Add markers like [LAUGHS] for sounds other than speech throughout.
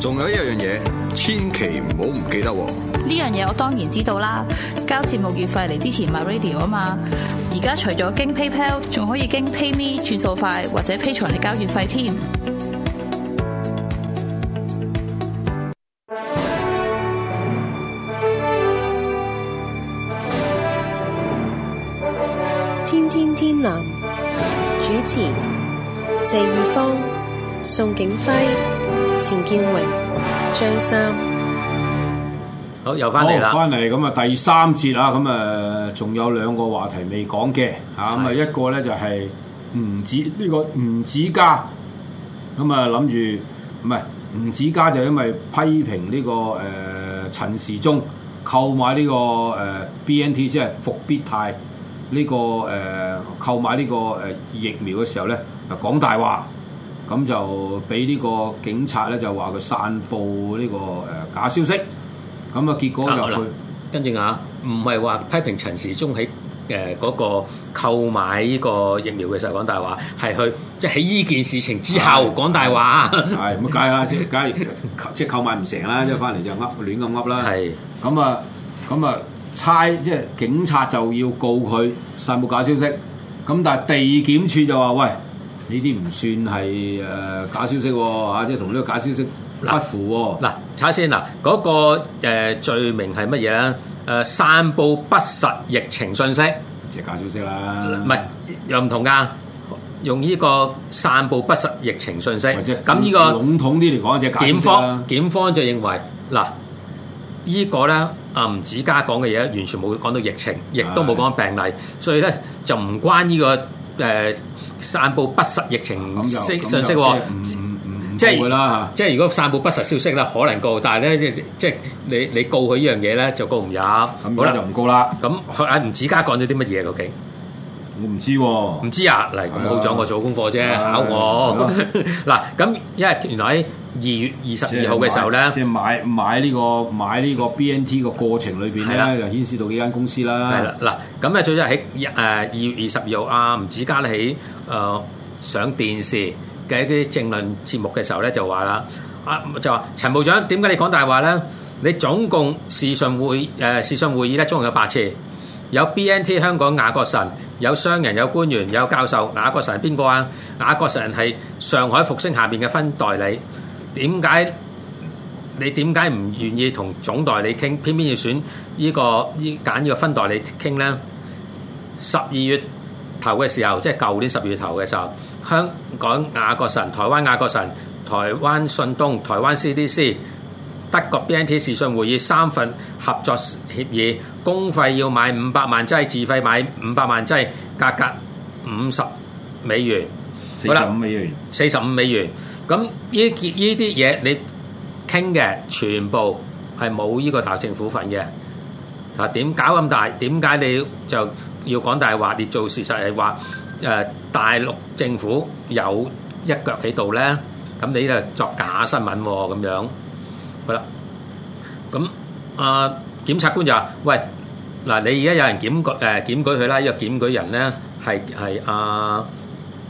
仲有一樣嘢，千祈唔好唔記得喎！呢樣嘢我當然知道啦，交節目月費嚟之前買 MyRadio 啊嘛。而家除咗經 PayPal，仲可以經 PayMe 轉數快或者 Patreon 嚟交月費添。天天天藍，主持謝義方、宋景輝。謝義方、張三，好又翻嚟啦，翻嚟咁啊，第三節啊，咁啊，仲有兩個話題未講嘅吓，咁啊的，一個咧就係、是、吳子呢、這個吳子嘉，咁啊諗住唔係吳子嘉，子嘉就因為批評呢、這個誒、呃、陳時中購買呢、這個誒、呃、B N T 即係復必泰呢、這個誒、呃、購買呢、這個誒、呃、疫苗嘅時候咧就講大話。咁就俾呢個警察咧，就話佢散布呢個誒假消息。咁啊，結果就去跟住啊，唔係話批評陳時中喺誒嗰個購買呢個疫苗嘅時候講大話，係去即係喺呢件事情之後講大話啊。係梗係啦，即係梗即係購買唔成啦，即係翻嚟就噏亂咁噏啦。係咁啊，咁啊，猜，即係警察就要告佢散布假消息。咁但係地檢署就話喂。呢啲唔算係誒假消息喎嚇，即係同呢個假消息不符喎。嗱，睇下先嗱，嗰個誒罪名係乜嘢咧？誒，散佈不實疫情信息，即係假消息啦。唔係又唔同㗎，用呢個散佈不實疫情信息。咁呢個籠統啲嚟講，即係檢方，檢方就認為嗱，呢個咧啊吳子嘉講嘅嘢，完全冇講到疫情，亦都冇講到病例，所以咧就唔關呢個。誒散佈不實疫情信息喎，即係是如果散佈不實消息咧，可能告。但係咧，即、就、係、是、你你告佢依樣嘢咧，就告唔入。那就 好啦了，就唔告啦。咁阿吳子嘉講咗啲乜嘢究竟？我唔知喎，唔知啊。嚟、啊，我好彩我做功課啫，考我。嗱，咁 [LAUGHS] 因為原來。二月二十二號嘅時候咧，即係買買呢個買呢個 B N T 個過程裏邊咧，就牽涉到呢間公司啦。係啦，嗱咁咧，最早係喺誒二月二十二號啊，吳子嘉喺誒上電視嘅一啲政論節目嘅時候咧，就話啦，啊就話陳部長點解你講大話咧？你總共視訊會誒視訊會議咧，中共有八次有 B N T，香港雅國神，有商人、有官員、有教授。雅國神係邊個啊？雅國神係上海復星下邊嘅分代理。點解你點解唔願意同總代理傾，偏偏要選呢、呢個呢揀呢個分代理傾呢？十二月頭嘅時候，即係舊年十月頭嘅時候，香港亞國神、台灣亞國神、台灣信東、台灣 CDC 德國 BNT 視訊會議，三份合作協議，公費要買五百萬劑，自費買五百萬劑，價格五十美元，四十五美元，好喇，四十五美元。咁依件依啲嘢你傾嘅全部係冇依個大陸政府份嘅，啊點搞咁大？點解你就要講大話？你做事實係話誒大陸政府有一腳喺度咧，咁你就作假新聞喎咁樣。好啦，咁阿檢察官就話：喂，嗱你而家有人檢舉誒檢舉佢啦，依個檢舉人咧係係阿。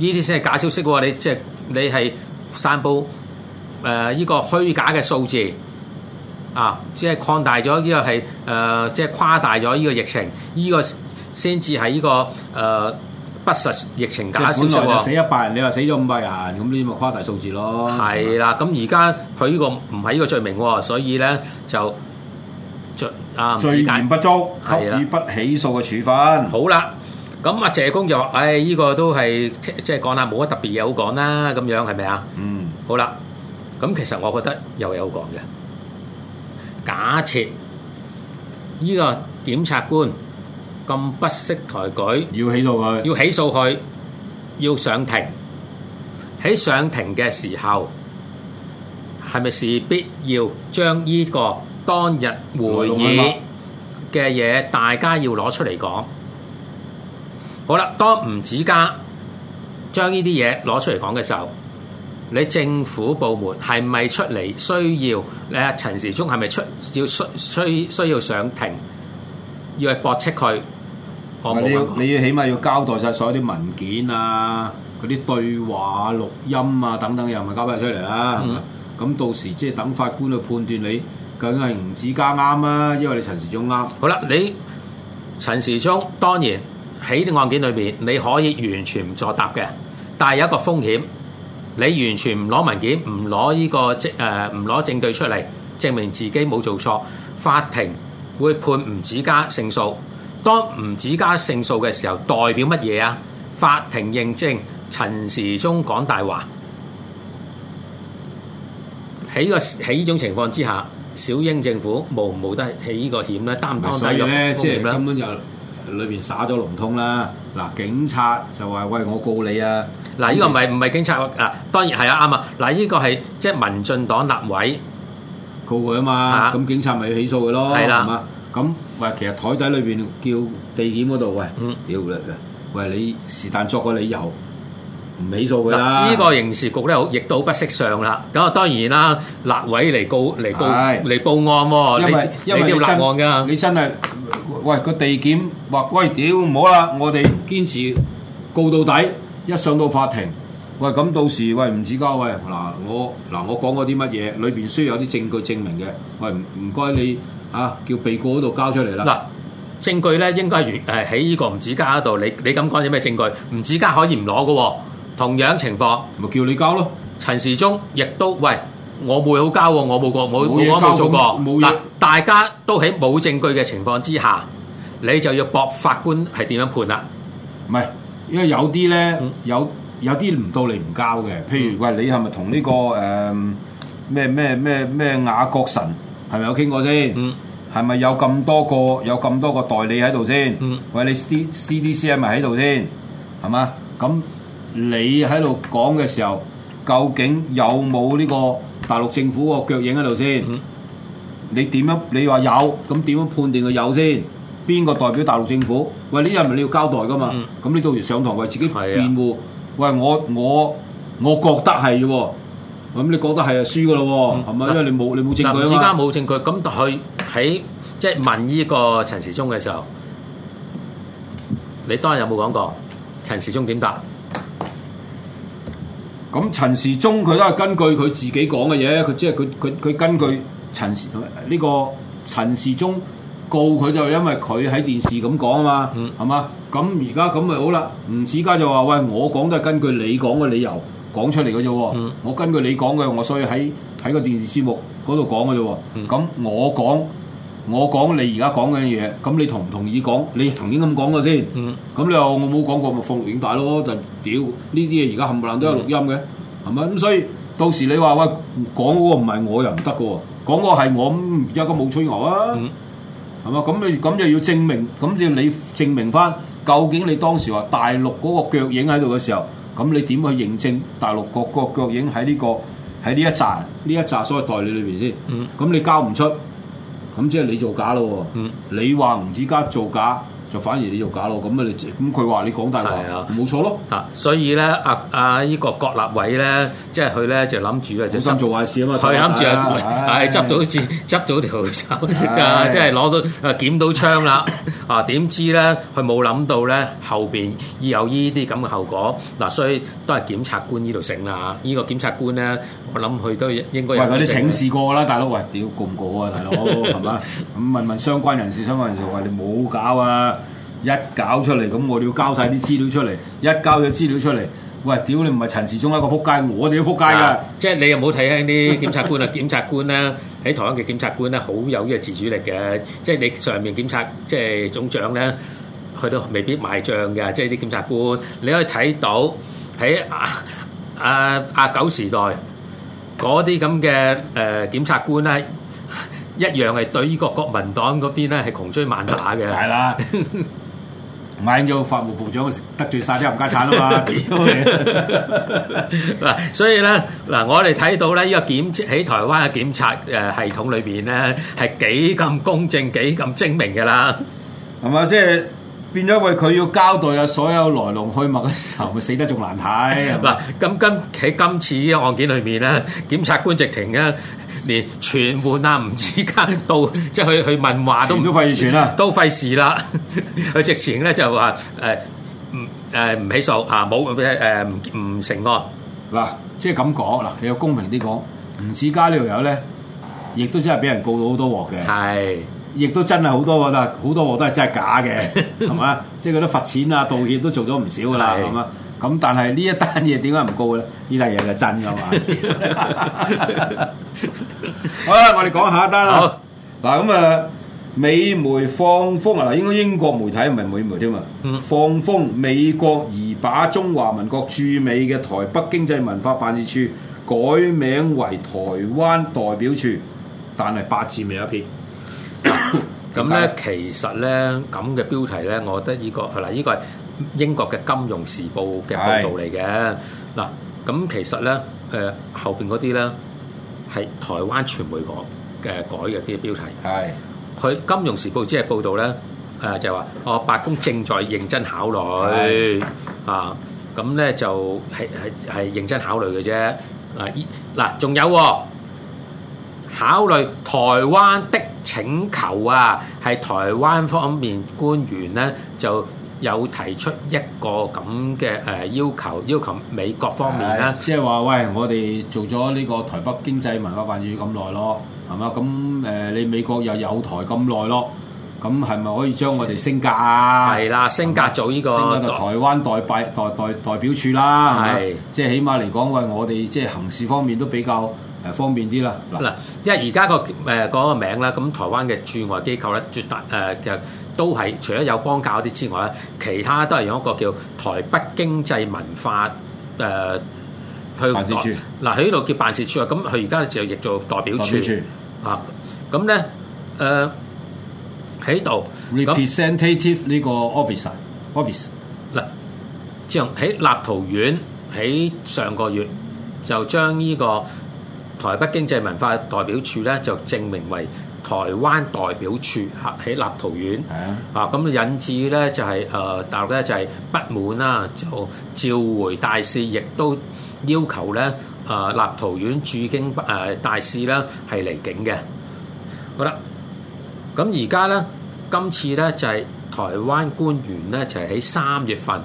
呢啲先係假消息喎！你即係、就是、你係散佈誒呢個虛假嘅數字啊！即係擴大咗呢個係誒、呃、即係誇大咗呢個疫情，呢、這個先至係呢個誒、呃、不實疫情假消息，死一百人，你話死咗五百人，咁呢啲咪誇大數字咯？係啦的，咁而家佢呢個唔係呢個罪名喎，所以咧就罪啊，罪證不足，給予不起訴嘅處分。好啦。咁啊，謝公就話，唉，呢個都係即係講下，冇乜特別嘢好講啦，咁樣係咪啊？嗯。好啦，咁其實我覺得又有講嘅。假設呢個檢察官咁不識抬舉，要起訴佢，要起訴佢，要上庭。喺上庭嘅時候，係咪是必要將呢個當日會議嘅嘢，大家要攞出嚟講？好啦，當吳子嘉將呢啲嘢攞出嚟講嘅時候，你政府部門係咪出嚟需要？誒，陳時中係咪出要需需需要上庭，要駁斥佢？唔係你要你要起碼要交代晒所有啲文件啊，嗰啲對話錄音啊等等，又咪交翻出嚟啊？咁到時即係等法官去判斷你，究竟係吳子嘉啱啊，因為你陳時中啱。好啦，你陳時中當然。喺啲案件裏邊，你可以完全唔作答嘅，但係有一個風險，你完全唔攞文件、唔攞依個證、誒唔攞證據出嚟，證明自己冇做錯，法庭會判吳子嘉勝訴。當吳子嘉勝訴嘅時候，代表乜嘢啊？法庭認證陳時中講大話。喺、呢個喺依種情況之下，小英政府冒唔冒得起呢個險咧？擔當唔擔？所以咧，即係咧。裏邊耍咗龍通啦，嗱，警察就話喂我告你啊，嗱呢個唔係唔係警察啊，當然係啊，啱啊，嗱、這、呢個係即係民進黨立委告佢啊嘛，咁、啊、警察咪要起訴佢咯，係啦、啊，咁喂、嗯啊、其實枱底裏邊叫地檢嗰度喂，屌、嗯、喂你是但作個理由唔起訴佢啦，呢個刑事局咧好，亦都好不識相啦，咁啊當然啦，立委嚟告嚟告嚟、啊、報，報案喎為，因為因為你要立案噶，你，你真係。喂，個地檢或喂屌唔好啦，我哋堅持告到底。一上到法庭，喂咁到時喂吳子嘉，喂嗱我嗱我講嗰啲乜嘢，裏邊需要有啲證據證明嘅。喂，唔唔該你嚇叫被告嗰度交出嚟啦。嗱證據咧應該係喺呢個吳子嘉嗰度。你你咁講有咩證據？吳子嘉可以唔攞嘅，同樣情況咪叫你交咯。陳時中亦都喂。我冇好交喎，哦，我冇過，冇冇交我冇做過。嗱東，大家都喺冇證據嘅情況之下，你就要搏法官係點樣判啦？唔係，因為有啲咧，嗯，有有啲唔到你唔交嘅。譬如話，嗯，你係咪同呢個誒咩咩咩咩亞國神，係咪有傾過先？係咪，嗯，有咁多個有咁多個代理喺度先？嗯，喂，你，CD，C，CD、C D C 係咪喺度先？係嘛？咁你喺度講嘅時候。究竟有冇呢個大陸政府腳影喺度先？你點樣？你話有咁點樣判斷佢有先？邊個代表大陸政府？喂，呢人咪你要交代噶嘛？咁你到時上堂為自己辯護，喂，我我我覺得係喎。咁你覺得係啊？輸噶咯喎，係咪？因為你冇你冇證據嘛。之間冇證據，咁佢喺即係問呢個陳時中嘅時候，你當日有冇講過陳時中點答？咁陳時中佢都係根據佢自己講嘅嘢，佢即係佢佢佢根據陳時呢、這個陳時中告佢就因為佢喺電視咁講啊嘛，係嘛、嗯？咁而家咁咪好啦，吳子嘉就話：喂，我講都係根據你講嘅理由講出嚟嘅啫，嗯、我根據你講嘅，我所以喺喺個電視節目嗰度講嘅啫。咁、嗯、我講。我講你而家講緊嘅嘢，咁你同唔同意講？你曾經咁講過先。咁、嗯、你話我冇講過，咪放錄影帶咯？就是、屌呢啲嘢，而家冚唪唥都有錄音嘅，係咪、嗯？咁所以到時你話喂講嗰個唔係我又唔得嘅喎，講嗰個係我，而家咁冇吹牛啊？係嘛、嗯？咁你咁又要證明，咁要你證明返究竟你當時話大陸嗰個腳影喺度嘅時候，咁你點去認證大陸各個腳影喺呢、呢個喺呢一紮呢一紮所謂代理裏邊先？咁、嗯、你交唔出？咁即係你做假咯喎，嗯、你話吳子嘉做假？就反而你做假咯，咁啊你咁佢話你講大話啊，冇錯咯。啊 user windows 會，所以咧，阿阿依個郭立偉咧，即係佢咧就諗住啊，想做壞事啊嘛，佢諗住啊，係執到住執到條槍即係攞到啊，檢到槍啦啊！點知咧，佢冇諗到咧後邊有依啲咁嘅後果嗱，所以都係檢察官呢度醒啦，呢個檢察官咧，我諗佢都應該有。喂，嗰啲請示過啦，大佬喂，屌過唔過啊，大佬係嘛？咁問問相關人士，相關人士話你冇搞啊！一搞出嚟，咁我哋要交曬啲資料出嚟。一交咗資料出嚟，喂，屌你唔係陳時中一個撲街，我哋要撲街噶。即係你又冇睇輕啲檢察官啦，檢察官咧喺台灣嘅檢察官咧，好有呢個自主力嘅。即係你上面檢察，即係總長咧，去到未必買帳嘅。即係啲檢察官，你可以睇到喺阿阿阿九時代嗰啲咁嘅誒檢察官咧，一樣係對呢個國民黨嗰邊咧係窮追猛打嘅。係啦。唔係做法務部長得罪晒啲冚家鏟啊嘛，嗱，所以咧，嗱，我哋睇到咧，依、呢個檢喺台灣嘅檢察誒系統裏邊咧，係幾咁公正、幾咁精明嘅啦，係咪先？變咗，因為佢要交代啊，所有來龍去脈嘅時候，佢死得仲難睇，係嘛？咁今喺今次呢個案件裏面咧，檢察官直情嘅連傳喚啊，吳子嘉到即係去去問話都都費事啦，都費事啦。佢直情咧就話誒唔誒唔起訴啊，冇誒唔唔成案。嗱，即係咁講嗱，你要公平啲講，吳子嘉呢條友咧，亦都真係俾人告到好多鑊嘅。係。亦都真係好多，但係好多我都係真係假嘅，係嘛？ [LAUGHS] 即係佢都罰錢啊、道歉都做咗唔少噶啦，咁啊咁。但係呢一單嘢點解唔告咧？呢單嘢就真噶嘛？ [LAUGHS] [LAUGHS] 好啦，我哋講下一單啦。嗱好，咁啊，美媒放風啊，應該英國媒體唔係美媒添嘛？嗯、放風美國而把中華民國駐美嘅台北經濟文化辦事處改名為台灣代表處，但係八字未有一撇。咁咧，其實咧咁嘅標題咧，我覺得依個係啦，依個係英國嘅《金融時報》嘅報導嚟嘅。嗱，咁其實咧，誒後邊嗰啲咧係台灣傳媒講嘅改嘅啲嘅標題。係，佢《金融時報》只係報導咧，誒就係話，哦白宮正在認真考慮啊，咁咧就係係係認真考慮嘅啫。啊，嗱，仲有。考慮台灣的請求啊，係台灣方面官員咧就有提出一個咁嘅誒要求，要求美國方面咧，即係話喂，我哋做咗呢個台北經濟文化辦事處咁耐咯，係嘛？咁誒、呃，你美國又有台咁耐咯，咁係咪可以將我哋升格啊？係啦，升格做呢、呢個台灣代辦代代代，代表處啦，係，即係的起碼嚟講，喂，我哋即係行事方面都比較。誒方便啲啦嗱，因為而家個誒個名啦，咁台灣嘅駐外機構咧，絕大誒其實都係除咗有邦交啲之外咧，其他都係用一個叫台北經濟文化誒、呃、去辦事處。嗱、呃，喺呢度叫辦事處啊，咁佢而家就譯做代表處，代表處啊。咁咧誒喺度 representative 呢、呃、呢個 office office 嗱，即係喺立陶宛喺上個月就將呢、呢個。台北經濟文化代表處咧就正名為台灣代表處，喺立陶宛。 [NOISE] 啊，咁引致咧就係、是、誒、呃、大陸咧就係不滿啦，就召回大使，亦都要求咧誒、呃、立陶宛駐京誒、呃、大使啦係離境嘅。好啦，咁而家咧，今次咧就係台灣官員咧就係喺三月份。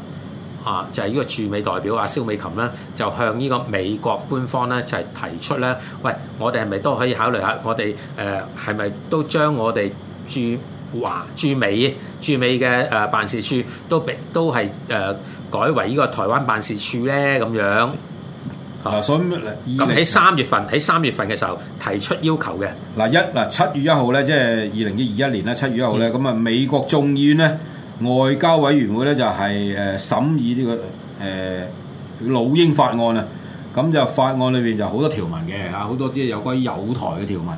啊，就係、是、呢個駐美代表啊，蕭美琴咧，就向呢個美國官方咧，就係、是、提出咧，喂，我哋係咪都可以考慮下，我哋誒係咪都將我哋駐華駐美駐美嘅誒、呃、辦事處都俾都係誒、呃、改為呢個台灣辦事處咧？咁樣嗱、啊，所以咁喺三月份喺三月份嘅時候提出要求嘅嗱、啊、一嗱七、啊、月一號咧，即係二零二一年啦，七月一號咧，咁啊、嗯、美國眾議院咧。外交委員會咧就係誒審議呢、這個誒、呃、老鷹法案啊，咁就法案裏面就好多條文嘅嚇，好多啲有關友台嘅條文，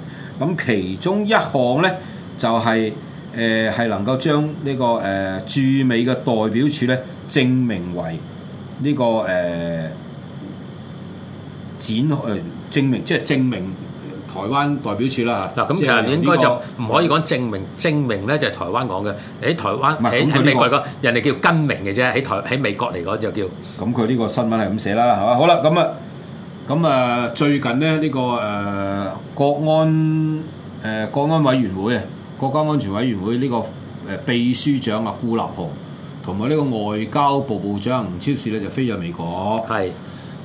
咁其中一項咧就係誒係能夠將呢、這個誒、呃、駐美嘅代表處咧正名為呢、這個誒、呃、展誒、呃、正名，即係正名。台灣代表處啦，嗱，咁其實應該就唔可以講正名對 正名咧，就係台灣講嘅喺台灣喺喺是美國，這個、人哋叫更名嘅啫，喺台喺美國嚟講就叫。咁佢呢個新聞係咁寫啦，係好啦，咁啊，咁啊，最近咧呢、這個誒、呃、國安誒、呃、國安委員會啊，國家安，安全委員會呢個誒秘書長啊顧立雄，同埋呢個外交部部長吳釗燮咧就飛咗美國，係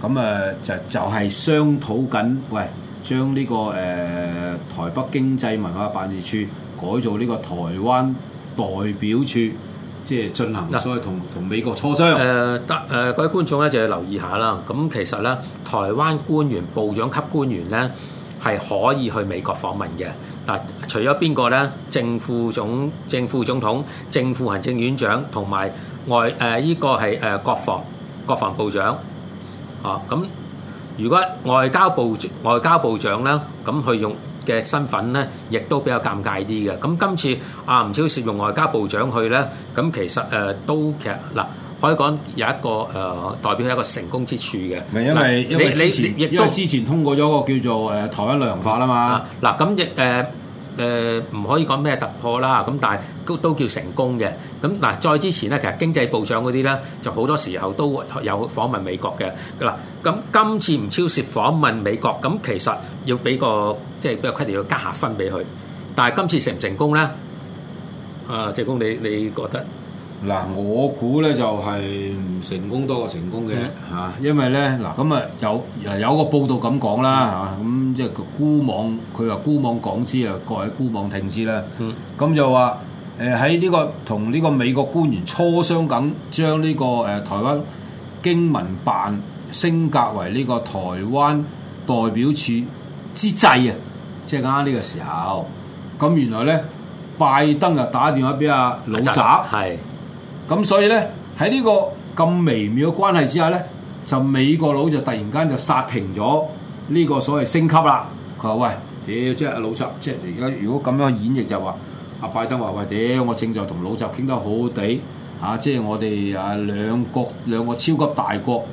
咁啊就就係、是、商討緊喂。將呢、這個誒、呃、台北經濟文化辦事處改做呢個台灣代表處，即係進行，所以同同美國磋商。誒得誒，各位觀眾咧就是、要留意下啦。咁其實咧，台灣官員部長級官員咧係可以去美國訪問嘅。嗱，除咗邊個咧？正副總正副總統、正副行政院長同埋外誒，依、呃這個係誒國防國防部長。哦、喔，咁、嗯。嗯。如果外交部外交部長咧，咁佢用嘅身份咧，亦都比較尷尬啲嘅。咁今次啊，唔少涉用外交部長去咧，咁其實誒都其實嗱，可以講有一個誒代表係一個成功之處嘅。唔係因為因為因為之前通過咗個叫做誒台灣旅行法啊嘛。嗱，咁亦誒。誒唔可以講咩突破啦，咁但係都都叫成功嘅。咁嗱，再之前咧，其實經濟部長嗰啲咧，就好多時候都有訪問美國嘅。嗱，咁今次唔超涉訪問美國，咁其實要俾個即係俾個規定要加下分俾佢。但係今次成唔成功咧？啊，謝公你你覺得？嗱，我估咧就係唔成功多過成功嘅嚇、嗯啊，因為咧嗱咁啊有啊有個報道咁講啦嚇，咁、嗯啊、即係孤網，佢話孤網講知啊，各位孤網聽知啦，咁、嗯、就話誒喺呢個同呢個美國官員磋商緊，將呢個誒台灣經文辦升格為呢個台灣代表處之際啊，即係啱啱呢個時候，咁原來咧拜登就打電話俾阿老習係。咁所以咧喺呢個咁微妙嘅關係之下咧，就美國佬就突然間就殺停咗呢個所謂升級啦。佢話喂，屌即係阿老習，即係而家如果咁樣演繹就話，阿拜登話喂，屌我正在同老習傾得好好哋嚇、啊，即係我哋啊兩國兩個超級大國，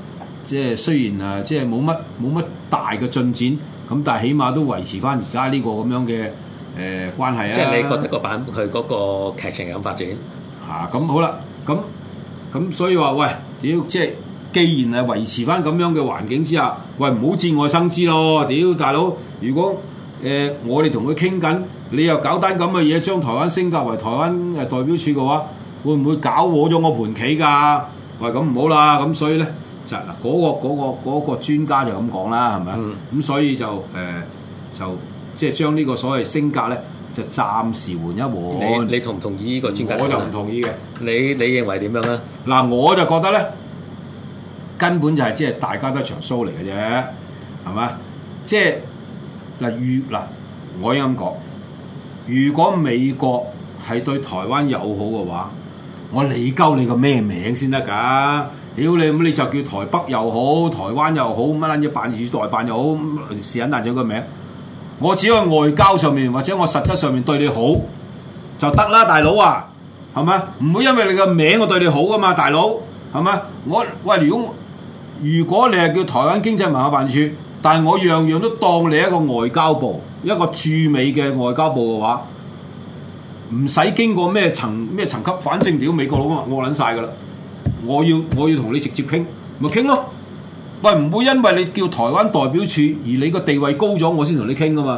即係雖然啊即係冇乜冇乜大嘅進展，咁但係起碼都維持翻而家呢個咁樣嘅誒、呃、關係啊。即係你覺得個版佢嗰個劇情咁發展嚇？咁、啊、好啦。咁咁所以話喂，屌即係既然係維持翻咁樣嘅環境之下，喂唔好節外生枝咯，屌大佬！如果誒、呃、我哋同佢傾緊，你又搞單咁嘅嘢，將台灣升格為台灣誒代表處嘅話，會唔會搞糊咗我盤棋㗎？喂，咁唔好啦，咁所以咧就嗱嗰個嗰、嗰個嗰個嗰個專家就咁講啦，係咪啊？咁、嗯、所以就誒、呃、就即係將呢個所謂升格咧。就暫時換一換，你，你同唔同意呢個專家？我就唔同意嘅，你你認為點樣咧？嗱，我就覺得咧，根本就係即係大家都一場 show 嚟嘅啫，係嘛？即係嗱，如嗱，我咁講，如果美國係對台灣友好嘅話，我理你鳩你個咩名先得㗎？屌你，咁你就叫台北又好，台灣又好，乜撚要辦事代辦又好，市隱大咗個名。我只要外交上面，或者我實質上面對你好就得啦，大佬啊，係咪？唔好因為你個名我對你好㗎嘛，大佬，係咪？我喂，如果如果你係叫台灣經濟文化辦事處，但係我樣樣都當你一個外交部，一個駐美嘅外交部嘅話，唔使經過咩層咩層級反正屌美國佬吖嘛，我諗晒㗎啦！我要我要同你直接傾，咪傾咯！喂，唔會因為你叫台灣代表處而你個地位高咗，我先同你傾噶嘛。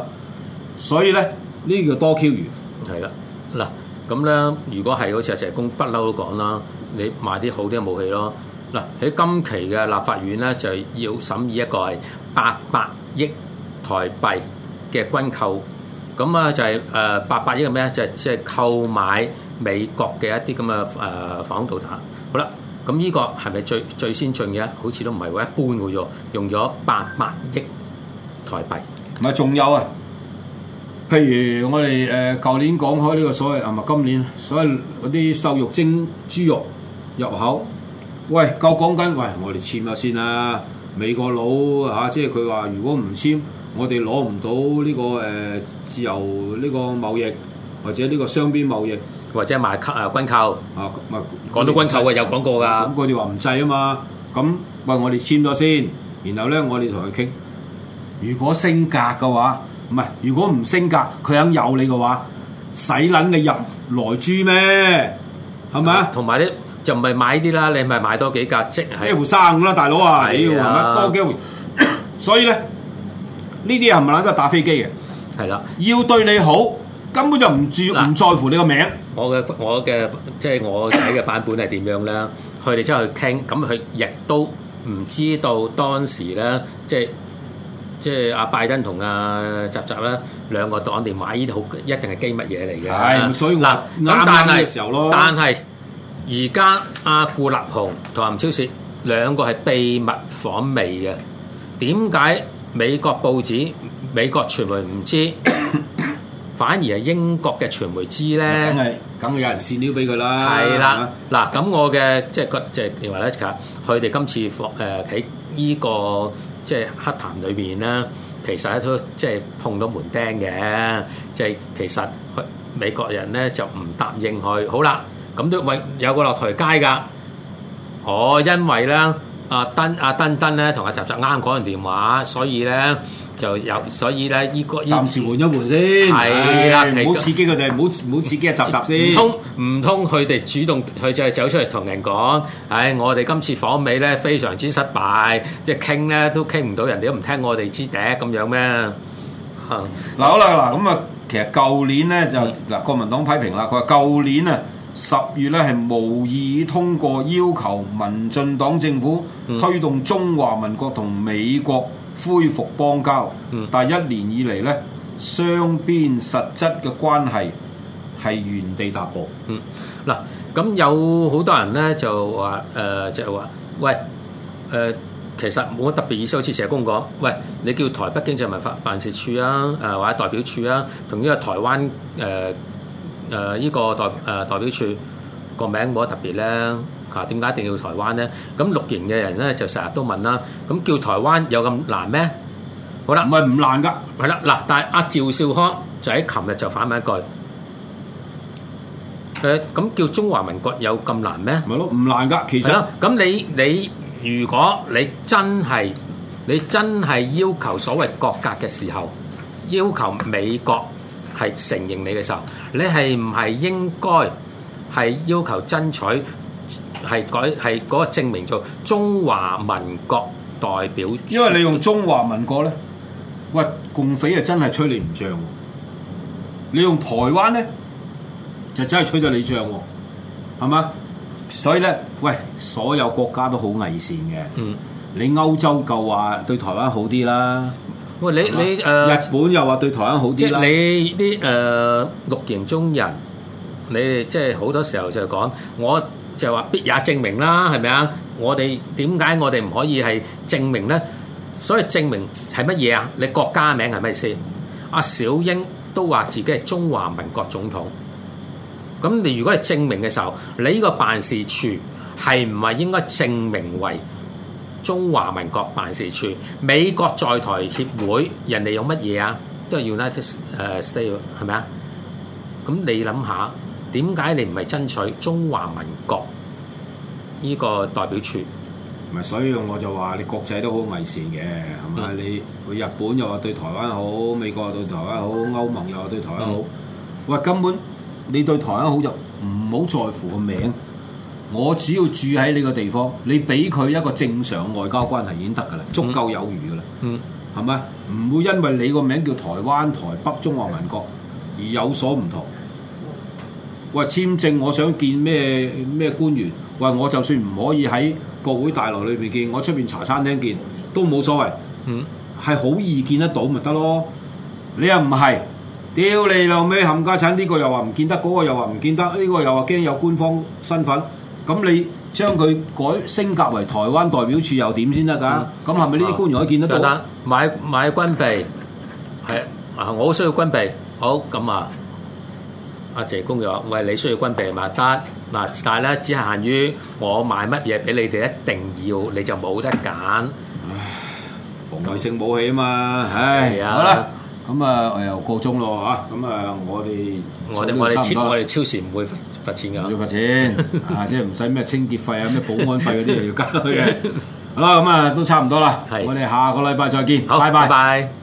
所以咧，呢個多 Q 餘係啦。嗱，咁咧，如果係好似阿謝公不嬲都講啦，你買啲好啲嘅武器咯。嗱，喺今期嘅立法院咧，就要審議一個係八百億台幣嘅軍購。咁啊，就係呃，就係誒八百億係咩？就係即係購買美國嘅一啲咁嘅誒反導彈。好啦。咁呢個係咪最最先進嘅？好似都唔係話一般嘅啫，用咗八百億台幣。咪仲有啊？譬如我哋誒舊年講開呢個所謂，係咪今年所謂嗰啲瘦肉精豬肉入口？喂，夠光棍，喂，我哋簽啦先啦。美國佬嚇、啊，即係佢話如果唔簽，我哋攞唔到呢、呢個誒、呃、自由呢個貿易或者呢個雙邊貿易。或者賣卡啊，軍購啊，咁講到軍購啊，有講過噶。咁佢哋話唔制啊嘛。咁喂，我哋簽咗先，然後咧，我哋同佢傾。如果升格嘅話，唔係。如果唔升格，佢肯有你嘅話，使撚你入來住咩？係咪啊？同埋咧，就唔係買啲啦，你係咪買多幾格即係 F 三五啦，大佬啊！屌係咪多機會？所以咧，呢啲嘢係咪撚都係打飛機嘅？係啦，要對你好，根本就唔注唔在乎你個名。我嘅我嘅即係我睇嘅版本係點樣咧？佢哋之後去傾，咁佢亦都唔知道當時咧，即係即係阿拜登同阿習習咧兩個黨定買呢啲好一定係機密嘢嚟嘅？係，所以啱啱嘅時候咯。但係而家阿顧立雄同阿吳超雪兩個係秘密訪美嘅，點解美國報紙、美國傳媒唔知？反而係英國嘅傳媒知咧，咁咪有人泄料俾佢啦。係啦，嗱咁我嘅即係覺即係認為咧，佢哋今次放誒喺呢個即係黑潭裏邊咧，其實都即係碰到門釘嘅，即係其實美國人咧就唔答應佢。好啦，咁都喂有個落台階噶。哦，因為咧阿鄧阿鄧真咧同阿習習啱講完電話，所以咧。就有所以咧，依個暫時換一換先，係啦，唔好刺激佢哋，唔好唔好刺激啊！雜雜先，唔通唔通佢哋主動佢就走出嚟同人講，唉，我哋今次訪美咧非常之失敗，即係傾咧都傾唔到，人哋都唔聽我哋支笛咁樣咩？嗱好啦，嗱咁啊，其實舊年咧就嗱，國民黨批評啦，佢話舊年啊十月咧係無意通過要求民進黨政府推動中華民國同美國，恢復邦交，但係一年以嚟咧，雙邊實質嘅關係係原地踏步。嗱、嗯，咁有好多人咧就話，誒、呃、就係、是、話，喂，誒、呃、其實冇乜特別意思。好似社工講，喂，你叫台北經濟文化辦事處啊，誒、呃、或者代表處啊，同呢個台灣誒誒呢個代誒、呃、代表處個名冇特別咧。嚇點解一定要台灣咧？咁陸營嘅人咧就成日都問啦。咁叫台灣有咁難咩？好啦，唔係唔難噶，係啦嗱。但係阿趙少康就喺琴日就反問一句：誒，咁叫中華民國有咁難咩？咪咯，唔難噶。其實咁你你如果你真係你真係要求所謂國格嘅時候，要求美國係承認你嘅時候，你係唔係應該係要求爭取？係改係嗰個證明做中華民國代表，因為你用中華民國咧，喂，共匪真啊，真係吹你唔脹，你用台灣咧就真係吹到你脹喎、啊，係嘛？所以咧，喂，所有國家都好偽善嘅。嗯，你歐洲夠話對台灣好啲啦、啊，喂，你你誒吧、呃、日本又話對台灣好啲啦。你啲誒、呃、綠營中人，你即係好多時候就講我。就話必也正名啦，係咪啊？我哋點解我哋唔可以係正名咧？所以正名係乜嘢啊？你國家名係咩意思？阿小英都話自己係中華民國總統。咁你如果係正名嘅時候，你呢個辦事處係唔係應該正名為中華民國辦事處？美國在台協會人哋有乜嘢啊？都係 United States 誒，state 係咪啊？咁你諗下？點解你唔係爭取中華民國呢個代表處？唔係，所以我就話你國際都好偽善嘅，係咪？嗯、你去日本又話對台灣好，美國又對台灣好，歐盟又話對台灣好。嗯、喂，根本你對台灣好就唔好在乎個名。我只要住喺呢個地方，你俾佢一個正常外交關係已經得噶啦，足夠有餘噶啦。嗯，係咪？唔會因為你個名叫台灣台北中華民國而有所唔同。喂，簽證我想見咩咩官員？喂，我就算唔可以喺國會大樓裏邊見，我出邊茶餐廳見都冇所謂，係好、嗯、易見得到咪得咯？你又唔係？屌你老味冚家鏟！呢、這個又話唔見得，嗰、這個又話唔見得，呢、這個又話驚有官方身份。咁你將佢改升格為台灣代表處又點先得㗎？咁係咪呢啲官員可以見得到？啊嗯、買買軍備係啊！我好需要軍備。好咁啊！阿謝工又話：喂，你需要軍備咪得嗱，但係咧只限於我買乜嘢俾你哋，一定要你就冇得揀，防衛性武器啊嘛！唉，好啦，咁啊又夠鐘咯嚇，咁啊我哋我哋我哋超我哋超時唔會罰罰錢㗎，唔要罰錢啊！即係唔使咩清潔費啊、咩保安費嗰啲又要加佢嘅。好啦，咁啊都差唔多啦，我哋下個禮拜再見，拜拜。